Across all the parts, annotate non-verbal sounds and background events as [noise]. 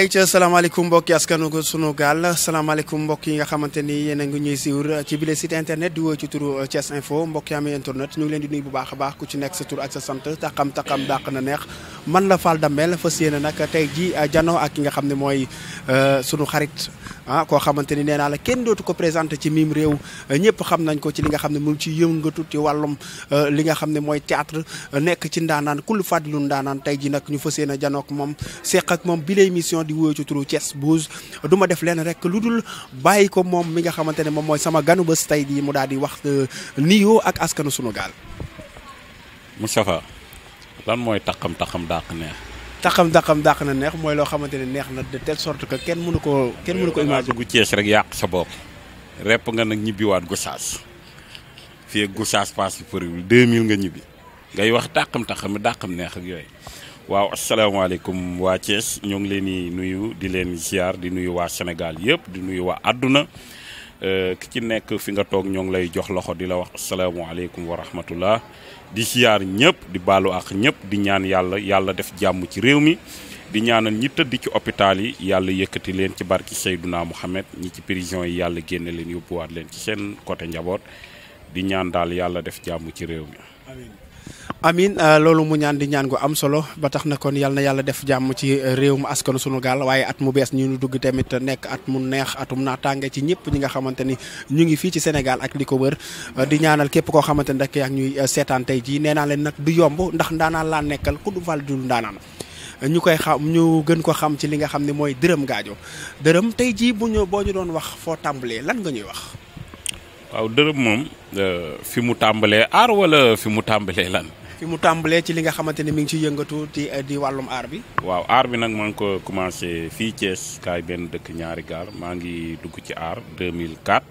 ay ca salaamaaleykum mbokki askanu sunu gaal salaamaaleykum mbokk yi nga xamante ni yéen a ngi ñuy suivre ci bile site internet di woo ci turu Thiès Info mbokk yi amee internet ñu ngi leen di nii bu baax a baax ku ci nekk sa tur ak sa sant taxam taxam dàq na neex man la Fall Damel fas yéene nag tey ji uh, jano ak ki nga xam ne mooy uh, sunu xarit ah koo xamante ni nee naa la kenn dootu ko présenté ci mim réew ñëpp xam nañ ko ci li nga xam ne mu ngi ci yëngatu ci wàllum euh, li nga xam ne mooy théâtre euh, nekk ci ndaanaan kul fàddilu ndaanaan tey ji nag ñu fas yéene janook moom seq ak moom bi la émission di wuyoo ci turu Thiès Buzz du ma def lenn rek lu dul bàyyi ko moom mi nga xamante ne moom mooy sama ganu bés tey jii mu daal di wax euh, niyoo ak askanu sunu gaal Moustapha lan mooy taxam taxam dàq neex taxam taxam dàq na neex mooy loo xamante ne neex na de telle sorte que kenn mënu koo kenn mënu ko imaginer gu Cees rek yàq sa bopp repp nga nag ñibbiwaat Gossas fii ak Gossas passe pour 2000 nga ñibbi ngay wax taxam taxam dàqam neex ak yooyu waaw asalaamaaleykum waa Cees ñoo ngi leen di nuyu di leen ziar di nuyu waa Sénégal yëpp di nuyu waa àdduna Euh, ki ci nekk fi nga toog ñoo ngi lay jox loxo di la wax asalaamaaleykum wa rahmatullah di siyaar ñëpp di baalu ak ñëpp di ñaan yàlla yàlla def jàmm ci réew mi di ñaanal ñi tëdd ci hôpital yi yàlla yëkkati leen ci barki Seydouna Mohamed ñi ci prison yi yàlla génne leen yóbbuwaat leen ci seen côté njaboot di ñaan daal yàlla def jàmm ci réew mi. amin ah, loolu mu ñaan di ñaan gu am solo ba tax na kon yal na yàlla def jàmm ci eh, réew mu askanu sunu gaal waaye at mu bees ñu nu dugg tamit nekk at mu neex atum naataange ci ñëpp ñi nga xamante ni ñu ngi fii ci Sénégal ak li ko wër eh, di ñaanal képp koo xamante ni rek yaa ñuy eh, seetaan tey jii nee naa leen nag du yomb ndax ndaanaan laa nekkal ku du fal dul ndaanaan ñu koy xam ñu gën ko xam ci li nga xam ne mooy dërëm gaajo dërëm tey jii bu ñu boo ñu doon wax foo tàmbalee lan nga ñuy wax. waaw moom fi mu tàmbalee aar wala fi mu tàmbalee lan. fi mu tàmbalee ci li nga xamante ni mu ngi ciy yëngatu ci eh, di wàllum aar bi. waaw aar bi nag maa ngi ko commencé fii Thiès kaay benn dëkk ñaari gaar maa ngi dugg ci aar 2004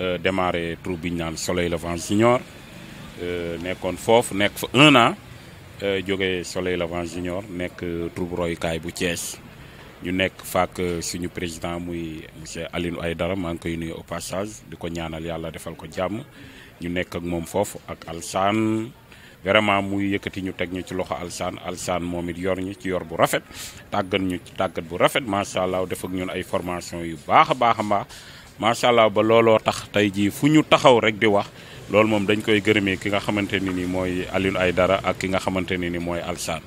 euh, démarré troupe bi ñu naan Soleil Levant Junior euh, nekkoon foofu nekk fa un an euh, jógee Soleil Levant Junior nekk troupe royukaay bu Thiès ñu nekk faak suñu président muy monsieur Aliou Aydara maa ngi koy nuy au passage di ko ñaanal yàlla defal ko jàmm ñu nekk ak moom foofu ak Alsaan. vraiment muy yëkkati ñu teg ñu ci loxo alsaan alsaan moom it yor ñu ci yor bu rafet tàggat ñu ci tàggat bu rafet macha allah def ak ñun ay formation yu baax a baax a baax macha allah ba looloo tax tey jii fu ñu taxaw rek di wax loolu moom dañ koy gërëmee ki nga xamante ni nii mooy ay Aydara ak ki nga xamante ni nii mooy alsaan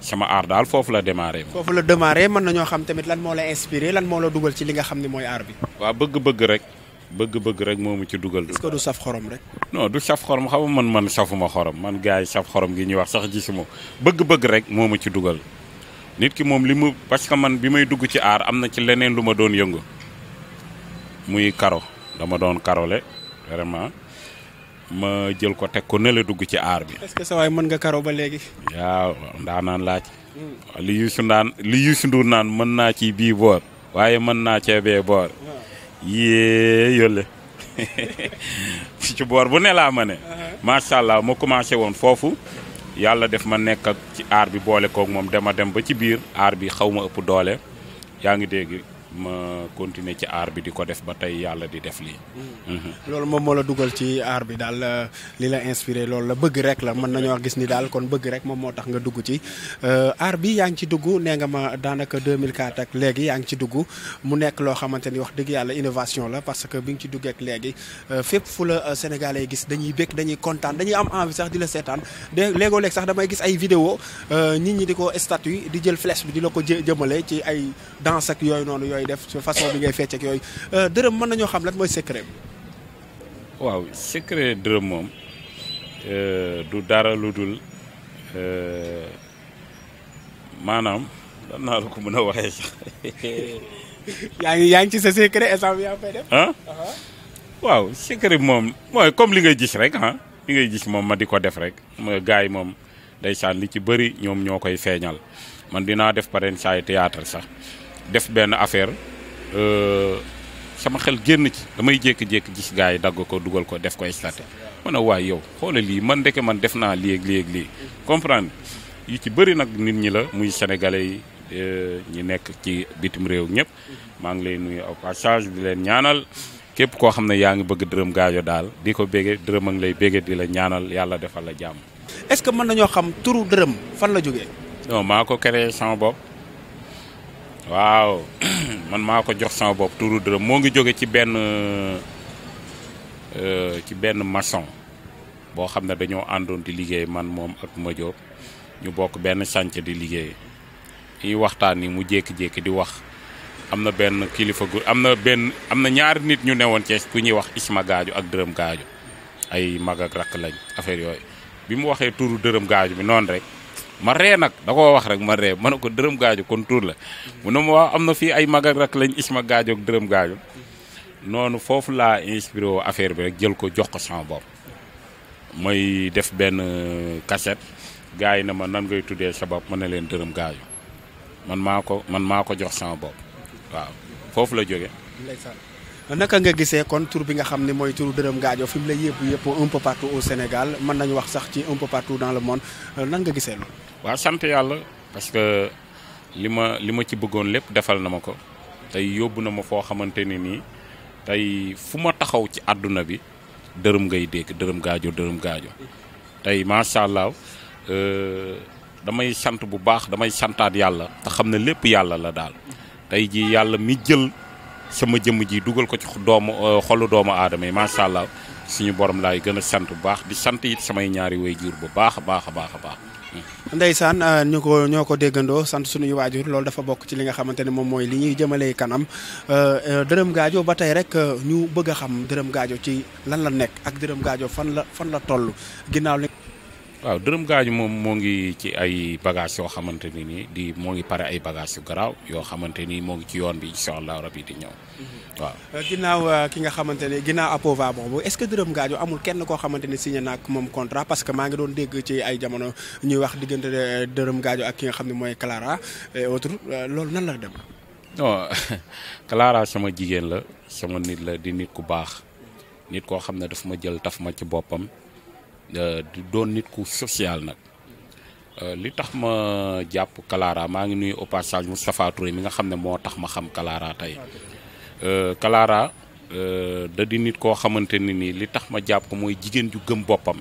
sama aar daal foofu la démarré. foofu la démarré mën ñoo xam tamit lan moo la inspiré lan moo la dugal ci li nga xam ne mooy aar bi. waa bëgg-bëgg rek. bëgg-bëgg rek moomu ci dugal. est-ce que du saf xorom rek. non du saf xorom xam man man safuma xorom man gars yi saf xorom gi ñuy wax sax ji gisuma bëgg-bëgg rek moomu ci dugal nit ki moom li mu parce que man bi may dugg ci aar am na ci leneen lu ma doon yëngu muy karo dama doon karole vraiment ma jël ko teg ko nële dugg ci aar bi. est-ce mën nga karo ba léegi. waaw ndaanaan laaj. Hmm. li Youssou naan li Youssou Ndour naan mën naa ci bii boor waaye mën naa cee bee boor. Hmm. yée yolle [laughs] ci boor bu ne laa ma ne uh-huh. macha allah ma commencé woon foofu yàlla def ma nekk ak ci aar bi boole kook moom dama dem ba ci biir aar bi xaw ma ëpp doole yaa ngi dégg ma continuer ci aar bi di ko def ba tey yàlla di def lii. Hmm. loolu moom moo la dugal ci aar bi daal euh, li la inspiré loolu la bëgg rek la mën nañoo gis ni daal kon bëgg rek moom moo tax nga dugg ci euh, aar bi yaa ngi ci dugg nee nga ma daanaka 2004 ak léegi yaa ngi ci dugg mu nekk loo xamante ni wax dëgg yàlla innovation la parce que bi nga ci duggee ak léegi euh, fépp fu la Sénégalais gis dañuy bëgg dañuy kontaan dañuy am envie sax di la seetaan de léegoo sax damay gis ay vidéo nit ñi di ko statut di jël flèche bi di la ko jëmale ci ay danse yooyu noonu yooyu. def def façon bi ngay fecc ak yooyu euh, dërëm mën nañoo xam lan mooy secret bi. waaw secret dërëm moom euh, du dara lu dul euh, maanaam lan naa la ko mën a waxee sax. [laughs] yaa ngi yaa ngi ci sa secret exemple yaa ngi koy def. Uh-huh. waaw secret bi moom mooy comme li ngay gis rek ah li ngay gis moom ma di ko def rek ma gars yi moom day saan li ci bëri ñoom ñoo koy feeñal man dinaa def parrain saa théâtre sax. def benn affaire euh, sama xel génn ci damay jékki-jékki gis gars yi dagg ko dugal ko def koy éclaté ma ne waaye yow xoola lii man ndeke man def naa lii ak lii ak lii comprendre yi ci bëri nag nit ñi la muy sénégalais yi euh, ñi nekk ci bitim réew ñëpp maa ngi lay nuyu au passage di leen ñaanal képp koo xam ne yaa ngi bëgg dërëm gaajo daal di ko bége dërëm a lay bége di la ñaanal yàlla defal la jàmm. est-ce que mën nañoo xam turu dërëm fan la jógee. non maa ko créé sama waaw [clears throat] man maa ko jox sama bopp tuuru dërëm moo ngi jóge ci benn euh, euh, ci benn maçon boo xam ne dañoo àndoon di liggéey man moom ak Madiop ñu bokk benn sànc di liggéey ñuy waxtaan ni mu jékki-jékki di wax am na benn kilifa gu am na benn am na ñaari nit ñu ne woon ci ku ñuy wax Isma Gaaju ak dërëm Gaaju ay mag ak rakk lañ affaire yooyu bi mu waxee tuuru dërëm Gaaju bi noonu rek. ma ree nag da koo wax rek ma ree ma ne ko dërëm gaajo kon tuur la mu ne ma waaw am na fii ay mag ak rak lañ isma gaajo ak dërëm gaajo noonu foofu laa inspiré woo affaire bi rek jël ko jox ko sama bopp mooy def benn euh, cassette gars yi ne ma nan ngay tuddee sa bopp ma ne leen dërëm gaajo man maa ko man maa ko jox sama bopp waaw foofu la jóge naka nga gisee kon tour bi nga xam ne mooy turu Deureum Gadio fi mu la yëpp yëpp un peu partout au Sénégal mën nañu wax sax ci un peu partout dans le monde euh, nan nga gisee loolu. waaw sant yàlla parce que li ma li ma ci bëggoon lépp defal na ma ko tey yóbbu na ma foo xamante ne nii tey fu ma taxaw ci àdduna bi dërëm ngay dégg dërëm gaajo dërëm gaajo tey macha allah. Euh, damay sant bu baax damay santaat yàlla te xam ne lépp yàlla la daal tey jii yàlla mi jël sama jëmm ji dugal ko ci doomu euh, xolu doomu aadama yi macha allah suñu borom laay gën a sant bu baax di sant it samay ñaari way jur bu baax a baax a baax a baax. ndeysaan euh, ñu ko ñoo ko déggandoo sant suñuy waajur loolu dafa bokk ci li nga xamante ne moom mooy li ñuy jëmalee kanam euh, dërëm gaajo ba tey rek ñu bëgg a xam dërëm gaajo ci lan la nekk ak dërëm gaajo fan la fan la toll ginnaaw li. waaw dërëm gaañu moom moo ngi ci ay bagages yoo xamante ni nii di moo ngi pare ay bagages yu garaaw yoo xamante nii moo ngi ci yoon bi incha allah rabi di ñëw. Mhm. waaw euh, ginnaaw euh, ki nga xamante ne ginnaaw Apova boobu est-ce que dërëm gaañu amul kenn koo xamante ni signé naag moom contrat parce que maa ngi doon dégg ci ay jamono ñuy wax diggante euh, dërëm gaañu ak ki nga xam ne mooy Clara et autre loolu nan la dem. non [laughs] Clara sama jigéen la sama nit la di nit ku baax nit koo xam ne daf ma jël taf ma ci boppam. Euh, di doon nit ku social nag euh, li tax ma jàpp Kalaara maa ngi nuyu au passage Moustapha Touré mi nga xam ne moo tax ma xam Kalaara tey Kalaara euh, da di nit koo xamante ne nii li tax ma jàpp ko mooy jigéen ju gëm boppam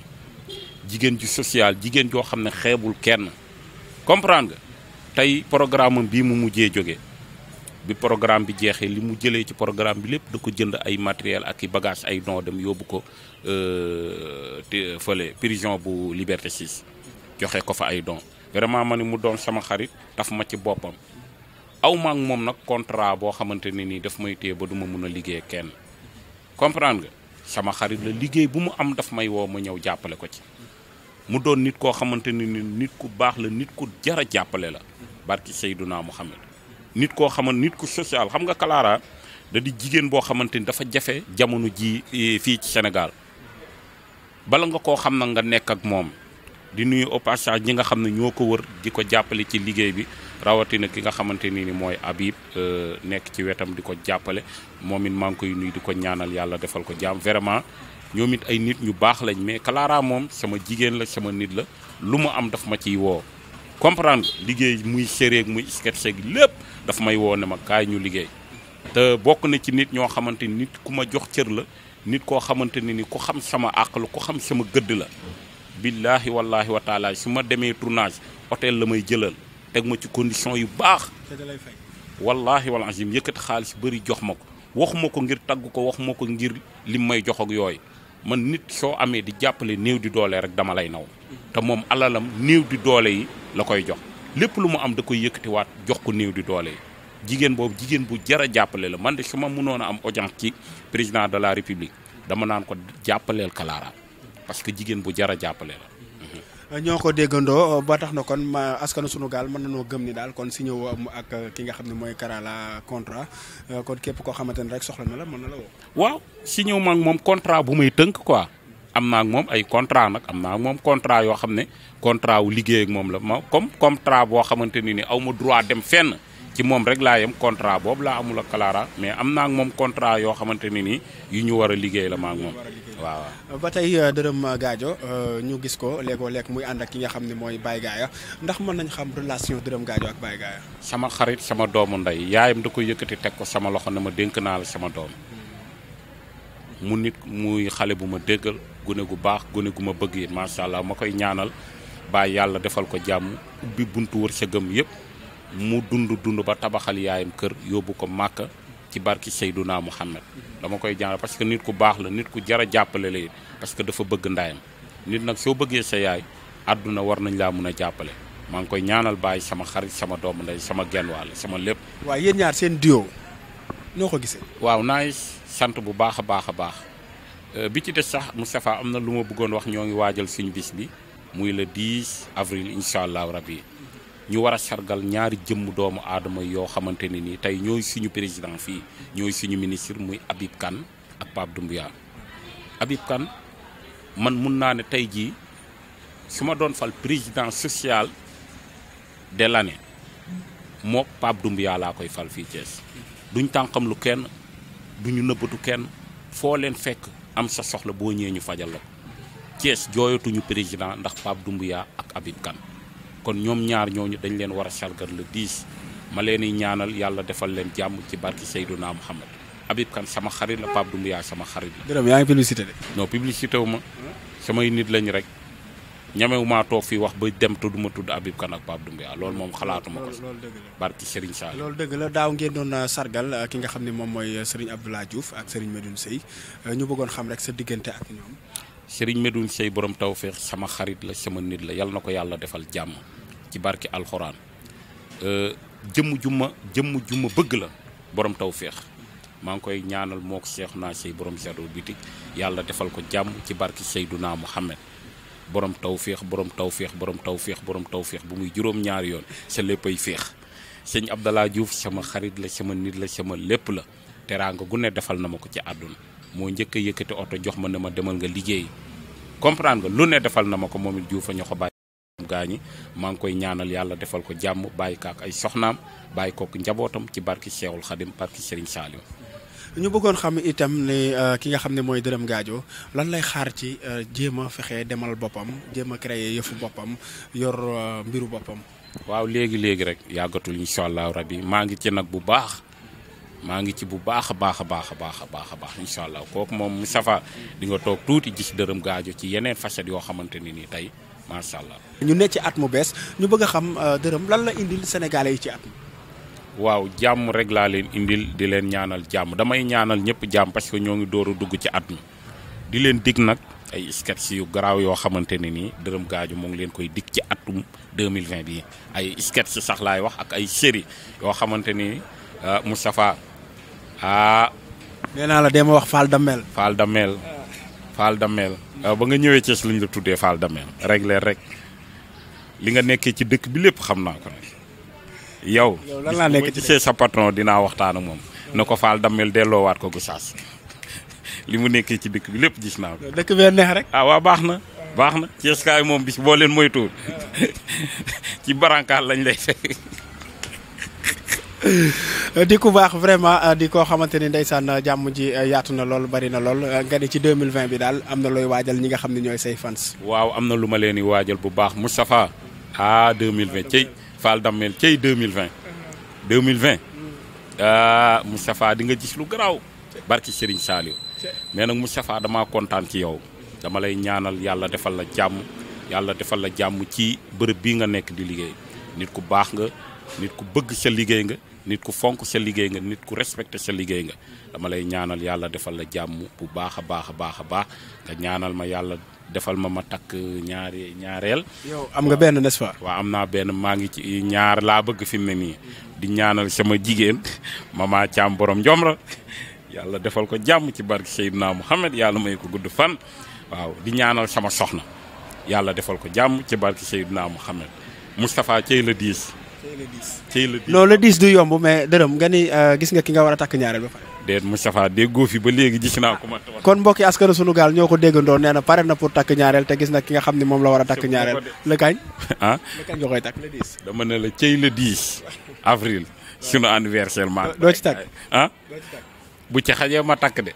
jigéen ju social jigéen joo xam ne xeebul kenn comprend nga tey programme bii mu mujjee jóge bi programme bi jeexee li mu jëlee ci programme bi lépp da ko jënd ay matériel ak i bagage ay don dem yóbbu ko euh, fële prison bu Liberté 6 joxe ko fa ay don vraiment ma ni mu doon sama xarit taf ma ci boppam aw ma moom nag contrat boo xamante ne nii dafa may téye ba du ma mun a liggéey kenn comprendre nga sama xarit la liggéey bu mu am dafa may woo ma ñëw jàppale ko ci mu doon nit koo xamante ne ni nit ku baax la nit ku jar a jàppale la barki Seydouna Mouhamed nit koo xamante nit ku social xam nga Clara di jigéen boo xamante ni dafa jafe jamono ji fii ci Sénégal bala nga koo xam na nga nekk ak moom di nuyu au passage ñi nga xam ne ñoo ko wër di ko jàppale ci liggéey bi rawatina ki nga xamante ni ni mooy Habib euh, nekk ci wetam di ko jàppale moom it maa ngi koy nuyu di ko ñaanal yàlla defal ko jàmm vraiment ñoom it ay nit ñu baax lañ mais Clara moom sama jigéen la sama nit la lu ma am daf ma ciy woo comprendre liggéey muy séeréer muy sketch gi lépp dafa may woone ma kaay ñu liggéey te bokk na ci nit ñoo xamante ni nit ku ma jox cër la nit koo xamante ne ni ku xam sama àq la ku xam sama gëdd la billaahi wallaahi wa taala su ma demee tournage hôtel la may jëlal teg ma ci condition yu baax wallaahi wal azim yëkkati xaalis bëri jox ma ko waxuma ko ngir tagg ko waxuma ko ngir lim may jox ak yooyu man nit soo amee di jàppale néew di doole rek dama lay naw te moom alalam néew di doole yi la koy jox lépp lu mu am da koy yëkkatiwaat jox ko néew di doole yi jigéen boobu jigéen bu jar a jàppale la man de su ma mënoon a am audience ci président de la république dama naan ko jàppaleel Kalaara parce que jigéen bu jar a jàppale la. Mm-hmm. ñoo ko déggandoo ba tax na kon ma askanu sunu gaal mën nañoo gëm ni daal kon signé woo ak ki nga xam ne mooy Karala contrat kon képp koo xamante ne rek soxla na la mën na la woo. waaw si wu ma moom contrat bu muy tënk quoi. am naa ak moom ay contrat nag am naa moom contrat yoo xam ne contrat wu liggéey ak moom la ma comme contrat boo xamante ni ni aw ma droit dem fenn ci moom rek laa yem contrat boobu laa amul ak Clara mais am naa ak moom contrat yoo xamante ne nii yu ñu war a liggéey la ma ak moom waaw. ba tey euh, dërëm euh, Gadio euh, ñu gis ko léegoo léeg muy ànd ak ki nga xam ne mooy Baye Gaaya ndax mën nañ xam relation dërëm Gadio ak Baye sama xarit sama doomu ndey yaayam da ko yëkkati teg ko sama loxo ne dénk naa sama doom hmm. mu nit muy xale bu ma déggal. gune gu baax gune gu ma bëgg it macha allah ma koy ñaanal bàyyi yàlla defal ko jàmm ubbi buntu wërsëgam yëpp mu dund dund ba tabaxal yaayam kër yóbbu ko màkka ci barki Seydouna Muhammad dama koy ñaanal parce que nit ku baax la nit ku jar a jàppale la parce que dafa bëgg ndaayam nit nag soo bëggee sa yaay àdduna war nañ laa mun a jàppale maa ngi koy ñaanal bàyyi sama xarit sama doom ndey sama genn wàll sama lépp. waaw yéen ñaar seen duo noo ko gisee. waaw baax a baax a baax. Euh, bi ci des sax Moustapha am na lu ma bëggoon wax ñoo ngi waajal suñu bis bi muy le 10 avril incha allahu rabi ñu war a sargal ñaari jëmm doomu aadama yoo xamante ne nii tey ñooy suñu président fii ñooy suñu ministre muy Habib Kane ak Pape Doumbia Habib Kane man mun naa ne tey jii su ma doon fal président social de l'année moo Pape Doumbia laa koy fal fii Thiès duñ tànqam lu kenn duñu nëbbatu kenn foo leen fekk am sa soxla boo ñëwee ñu fajal la ko Thiès jooyatuñu président ndax Pape Doumbouya ak Habib Kane kon ñoom ñaar ñooñu dañ leen war a sargal le 10 ma leen di ñaanal yàlla defal leen jàmm ci barki Seydouna Muhammad Habib Kane sama xarit la Pape Doumbouya sama xarit la. gërëm yaa ngi publicité de. non publicité wu ma samay nit lañ rek. ñamewu maa toog fii wax ba dem te du ma tudd Habib Kane ak Pape Doumbia lool moom xalaatuma ko barki Serigne Sall loolu dëgg la daaw ngeen doon euh, sargal euh, ki nga xam ne moom mooy euh, Serigne Abdoulaye Diouf ak Serigne Medoune Seye ñu bëggoon xam rek sa diggante ak ñoom Serigne Medoune Seye borom tawféex sama xarit la sama nit la yal na ko yàlla defal jàmm ci barki alxuraan jëmm ju jëmm ju bëgg la borom tawféex maa ngi koy ñaanal moo ko seexu naa sey borom seetu bitik yàlla defal ko jàmm ci barki Seydunaa Muhammad borom taw féex borom taw féex borom taw féex borom taw féex bu muy juróom-ñaari yoon sa léppay féex sëñ Abdalaa Diouf sama xarit la sama nit la sama lépp la teraanga gu ne defal na ma ko ci àdduna moo njëkk a yëkkati oto jox ma ne ma demal nga liggéey comprendre nga lu ne defal na ma ko moom it Diouf a ñoo ko bàyyi gaañi maa ngi koy ñaanal yàlla defal ko jàmm bàyyi kaak ay soxnaam bàyyi kook njabootam ci barki Seexul Xadim barki Serigne Saliou ñu bëggoon xam itam ne euh, ki nga xam ne mooy dërëm Gadio lan lay xaar ci euh, jéem a fexe demal boppam jéem a créer yëfu boppam yor euh, mbiru boppam. waaw léegi léegi rek yàggatul incha allah rabi maa ngi ci nag bu baax maa ngi ci bu baax a baax a baax a baax a baax a baax incha allah kooku moom Moustapha di nga toog tuuti gis Deureum Gadio ci yeneen facettes yoo xamante ne nii tey macha allah. ñu ne ci at mu bees ñu bëgg a xam Deureum lan la indil Sénégalais yi ci at waaw jàmm rek laa leen indil di leen ñaanal jàmm damay ñaanal ñëpp jàmm parce que ñoo ngi door a dugg ci at mi di leen dig nag ay sketch yu garaaw yoo xamante ne nii dërëm gaaju moo ngi leen koy dig ci atum 2020 bi ay sketch sax laay wax ak ay série yoo xamante ni ah, Moustapha ah. nee naa la ma wax Fall Damel. Fall Damel Fall Damel ah, ba nga ñëwee Thiès lu ñu la tuddee Fall Damel rek leen rek li nga nekkee ci dëkk bi lépp xam naa ko nag. yow lan laa nekk ci gisee sa patron dinaa waxtaan ak moom na ko faal dammel waat ko saas [laughs] li mu nekkee ci dëkk bi lépp gis naa ko. dëkk bee neex rek. ah waa baax na baax na Cees kaay moom bis boo leen moytu [laughs] ci barankaal lañ lay fekk. [laughs] di ku baax vraiment ah, di koo xamante ni ndeysaan ah, jàmm ji ah, yaatu na lool bari na lool nga ne ci 2020 bi daal am na looy waajal ñi nga xam ne ñooy say fans. waaw am na lu ma leen di waajal bu baax Moustapha ah 2020 ci Fall Damel cey 2020. 2020 ah Moustapha di nga gis lu garaaw barki Serigne Saliou mais nag Moustapha dama kontaan ci yow dama lay ñaanal yàlla defal la jàmm yàlla defal la jàmm ci bërëb bii nga nekk di liggéey nit ku baax nga nit ku bëgg sa liggéey nga nit ku fonk sa liggéey nga nit ku respecté sa liggéey nga dama lay ñaanal yàlla defal la jàmm bu baax a baax a baax a baax nga ñaanal ma yàlla. defal ma ma takk ñaari ñaareel. am nga benn n'est-ce am naa benn maa ngi ci ñaar laa bëgg fi mu ne nii. di ñaanal sama jigéen mama Thiam borom njom la yàlla defal ko jàmm ci barke Seydina Muhammad yàlla may ko gudd fan. waaw di ñaanal sama soxna yàlla defal ko jàmm ci barke Seydina Muhammad Moustapha Thiey la diis. tey la 10 non le 10 du yomb mais dërëm nga ni euh, gis nga ki nga war a takk ñaareel ba pare. déet Moustapha déggoo fi ba léegi gis naa ko. kon mbokki askanu sunu gaal ñoo ko déggandoo nee na pare na pour takk ñaareel te gis na ki nga xam ne moom la war a takk ñaareel. la kañ [laughs] ah la kañ nga koy takk le 10. dama ne la tey le 10 avril sunu anniversaire doo ci takk ah bu ci xajee ma takk de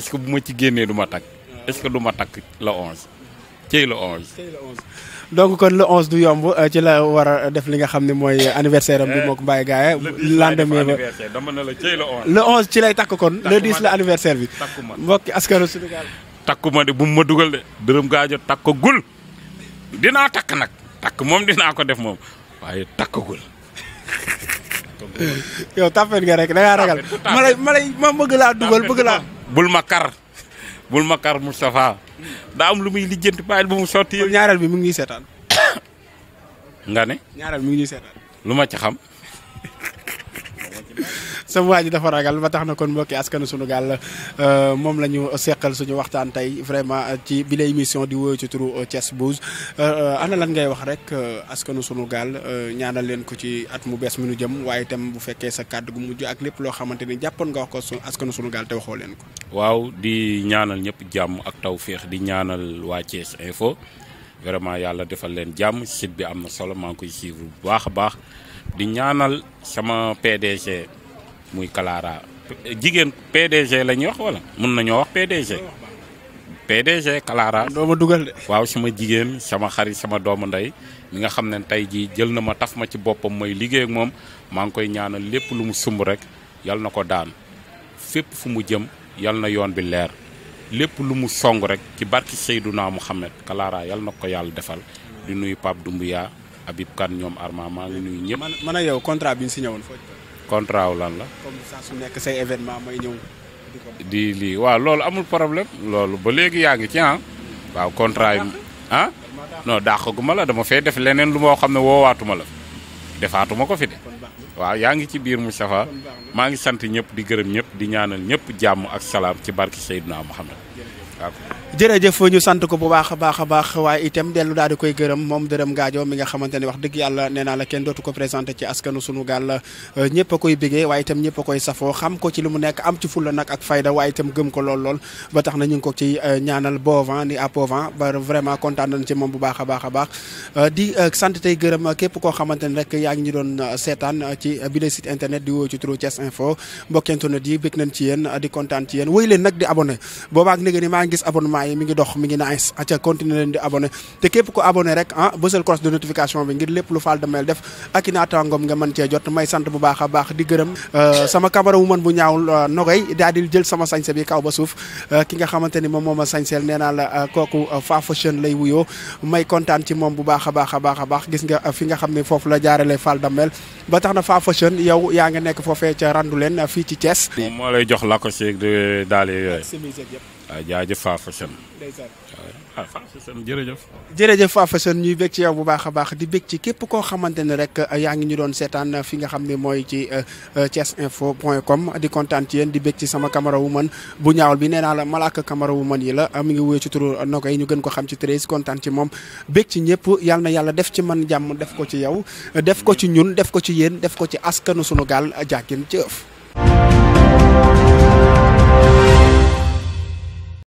est bu ma ci génnee du ma takk est-ce que du ma takk la 11 tey la 11. donc kon le 11 du yomb euh, ci la war a def li nga xam ne mooy euh, anniversaire am bi eh, mook Mbaye Gaye lendemain ba le 11 ci lay takk kon le 10 la anniversaire bi mbokki askanu Sénégal takkuma de bu mu ma dugal de dërëm gaajo takkagul dinaa takk nag takk moom dinaa ko def moom waaye takkagul yow tàppet nga rek da ragal ma lay ma bëgg laa dugal bëgg laa bul ma kar bul Makar Moustapha daa am lu muy lijjanti bàyyil bu mu sotti yëpp. ñaareel bi mu ngi ñuy seetaan. nga ne. ñaareel mi ngi ñuy seetaan. lu ma ci xam. [laughs] sama waa ji dafa ragal ba tax na kon mbokki askanu sunu gaal euh, moom la ñu seqal suñu waxtaan tey vraiment ci bi la émission di woyo ci turu Thiès Buzz euh, ana lan ngay wax rek euh, askanu sunu gaal ñaanal leen ko ci at mu bees mi nu jëm waaye itam bu fekkee sa kàddu gu mujj ak lépp loo xamante ni jàppoon nga wax ko su askanu sunu gaal te waxoo leen ko. waaw di ñaanal ñëpp jàmm ak taw tawféex di ñaanal waa Thiès Info vraiment yàlla defal leen jàmm sit bi am na solo maa koy suivre bu di ñaanal sama PDG muy Clara jigéen PDG la ñuy wax wala mun nañoo wax PDG. PDG Clara. dooma dugal de. waaw sama jigéen sama xarit sama doomu ndey mi nga xam ne tey jii jël na ma taf ma ci boppam mooy liggéey ak moom maa ngi koy ñaanal lépp lu mu sumb rek yal na ko daan fépp fu mu jëm yal na yoon bi leer lépp lu mu song rek ci barki Seydouna Mouhamed Clara yal na ko yàlla defal di nuyu Pape Doumbouya Habib Kane ñoom Arma maa ngi nuyu ñëpp. man man ak yow contrat bi ñu signé contrat wu lan la. di lii waaw loolu amul problème. loolu ba léegi yaa ngi ci ah. waaw contrat yi ah. non dàqaguma la dama fee def leneen lu moo xam ne woowaatuma la. defaatuma ko fi de. waaw yaa ngi ci biir mu Moustapha maa ngi sant ñëpp di gërëm ñëpp di ñaanal ñëpp jàmm ak salaam ci barke Seydina Mohamed waaw. jërëjëf ñu sant ko bu baax a baax a baax waaye itam dellu daal di koy gërëm moom dërëm gaajo mi nga xamante ne wax dëgg yàlla nee naa la kenn dootu ko présenté ci askanu sunu gaal la euh, a koy bégee waaye itam ñëpp koy safoo xam ko ci li mu nekk am ci fulla nag ak fayda waaye itam gëm ko lool lool ba tax na ñu ngi ko ci euh, ñaanal bovant ni apovant ba vraiment kontaan nañ ci moom bu baax a baax a baax euh, di sant tey gërëm képp koo xamante ne rek yaa ngi ñu doon seetaan ci bile site internet di woo ci turu Thiès Info mbokk internet yi bég nañ ci yéen di kontaan ci yéen wéy leen nag di abonné boobaak événement mi ngi dox mi ngi nice aca continuer leen di abonné te képp ko abonné rek ah bësal cloche de notification bi ngir lépp lu Fall de Mel def ak i naataangoom nga man cee jot may sant bu baax a baax di gërëm euh, sama caméra wu man bu ñaawul euh, nogay daal di jël sama sañse bi kaw ba suuf euh, ki nga xamante ni moom mooma sañseel nee naa la kooku Fafa Chene lay wuyoo may kontaan ci moom bu baax a baax a baax a baax gis nga fi nga xam ni foofu la jaarale Fall de Mel ba tax na Fafa Chene yow yaa nga nekk foofee ca randu leen fii ci Thiès moom moo lay jox lakkos yeeg daal yooyu waaw jaajëf Faa Fashion waaw jërëjëf jërëjëf Faa Fashion ñuy bég ci yow bu baax a baax di bég ci képp koo xamante ne rek euh, yaa ngi ñu doon seetaan euh, fi nga xam ni mooy ci euh, Thiès info comme di kontaan ci yéen di bég ci sama camara wu man bu ñaawal bi nee naa la malaaka camara wu man yi la mi ngi wuyee ci turu noko yi ñu gën ko xam ci Thérèse kontaan ci moom bég ci ñëpp yàlla na yàlla def ci man jàmm def ko ci yow def ko ci ñun def ko ci yéen def ko ci askanu sunu gaal jàkkin ci ëf